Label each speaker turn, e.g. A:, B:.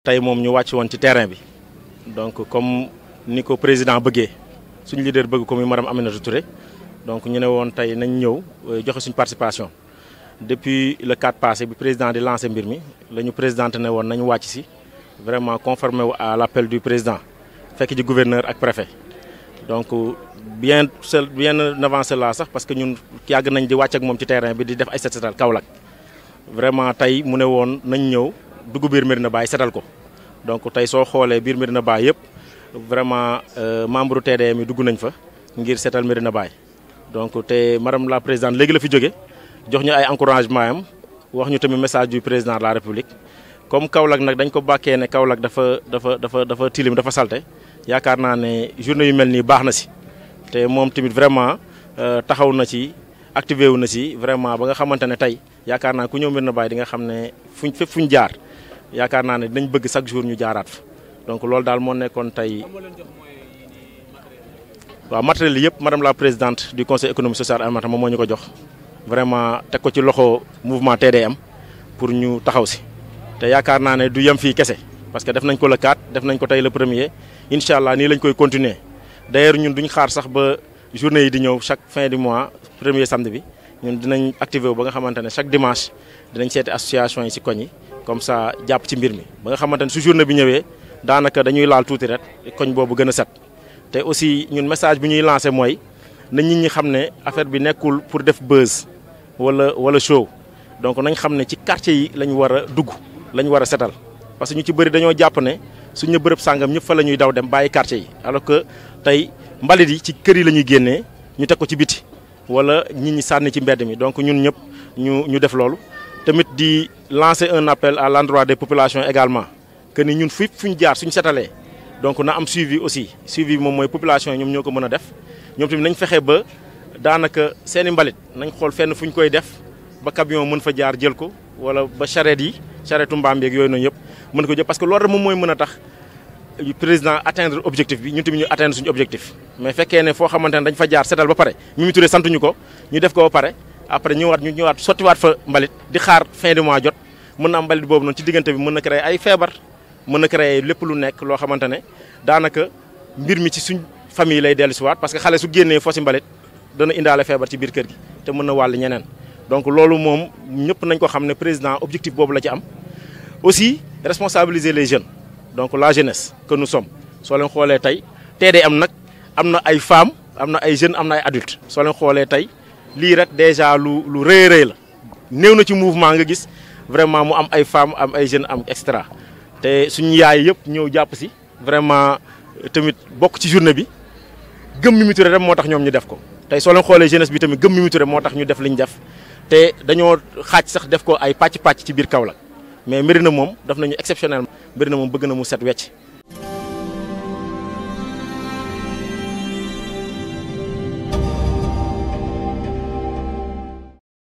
A: tay mom ñu wàcc ci terrain bi donc comme niko président bëggé suñu leader bëgg ko muy maram Aminata Touré donc ñu ne woon tey nañ ñëw euh, joxe suñu participation depuis le 4 passé bi président di lancer mbir mi lañu président présidente ne woon nañu wàcc vraiment conformé à l'appel du président fekk ji gouverneur ak préfet donc bien seul bien avancé la sax parce que ñun yàgg nañ di wacc ak mom ci terrain bi di def ay set Kaolack vraiment tay mu ne woon nañ ñëw dugg bir mirna bay setal ko donc tay so xolé bir mirna bay yépp vraiment euh, membre TDM yi dugg nañ fa ngir setal mirna bay donc té madame la présidente légui la fi joggé jox ñu ay encouragement am wax ñu tamit message du président de la république comme Kaolack nak dañ ko baké né Kaolack dafa dafa dafa dafa tilim dafa salté yaakar na né journée yu melni baxna ci té si te tamit vraiment euh, taxaw na ci activé wu na si vraiment ba nga xamantene tay yaakar na ku ñew mirna na di nga xamné fuñ fuñ jaar yaakaar naa ne dinañ bëgg chaque jour ñu jaaraat fa donc loolu daal moo nekkoon tey waaw matériel yëpp madame la présidente du conseil économique social et environnemental moom moo ñu ko jox vraiment teg ko ci loxo mouvement am pour ñu taxaw si te yaakaar naa ne du yem fii kese parce que def nañ ko le 4 def nañ ko tey le premier incha allah nii lañ koy continuer d'ailleurs ñun duñ xaar sax ba journée yi di ñëw chaque fin du mois premier samd bi ñun dinañ activé wu nga xamante ne chaque dimanche dinañ seeti association yi si koñ comme ça japp ci mbir mi ba nga xamante ne su journée bi ñëwee danaka dañuy laal tuuti rek koñ bobu gëna set té aussi ñun message bi ñuy lancer moy na nit ñi xamné affaire bi nekkul pour def buzz wala wala show donc nañ xamné ci quartier yi lañ wara dugg lañ wara a setal parce que ñu ci bëri dañoo japp né suñu bërepp sangam ñëpp fa lañuy daw dem bàyyi quartier yi alors que tay mbalit yi ci kër yi lañuy ñuy ñu teg ko ci biti wala nit ñi sanni ci mbedd mi donc ñun ñëpp ñu ñu def loolu tamit di lancer un appel à l'endroit des populations également que ni ñun fépp fu ñu jaar suñu sétalé donc na am suivi aussi suivi bi moom population ñom ñoko mëna def ñom tamit nañ fexé ba danaka seen mbalit nañ xol fenn fuñ koy def ba camion mën fa jaar jël ko wala ba charrette yi charrette bi ak yoy noonu yëpp mën ko jël parce que loolu rek moy mëna mën a tax président atteindre objectif bi ñun tamit ñu atteindre suñu objectif mais fekkee né fo xamante dañ fa jaar sétal ba paré mi mu turee santuñu ko ñu def ko ba paré après ñëwaat ñu ñëwaat sottiwaat fa mbalit di xaar fin de mois jot mën na am mbalit boobu noonu ci diggante bi mën na créer ay feebar mën na créer lépp lu nekk loo xamante ne daanaka mbir mi ci suñ famille lay dellu siwaat parce que xale su génnee fo si mbalit dana indaale feebar ci biir kër gi te mën na wàll ñeneen donc loolu moom ñëpp nañ ko xam ne président objectif boobu la ci am aussi responsabiliser les jeunes donc la jeunesse que nous sommes soo leen xoolee tey tey am nag am na ay femmes am na ay jeunes am na ay adultes soo leen xoolee tey lii rek déjà lu lu rëy rëy la néew na ci mouvement nga gis vraiment mu am ay femmes am ay jeunes am extra té suñu yaay yëpp ñew japp ci vraiment tamit bok ci journée bi gëm mi Touré rek moo tax ñu def ko tay so leen xolé jeunesse bi tamit gëm mi Touré motax ñu def liñ def té dañoo xaaj sax def ko ay patch patch ci biir Kaolack mais Médina mom daf nañu exceptionnellement Médina mom bëgg na mu set wecc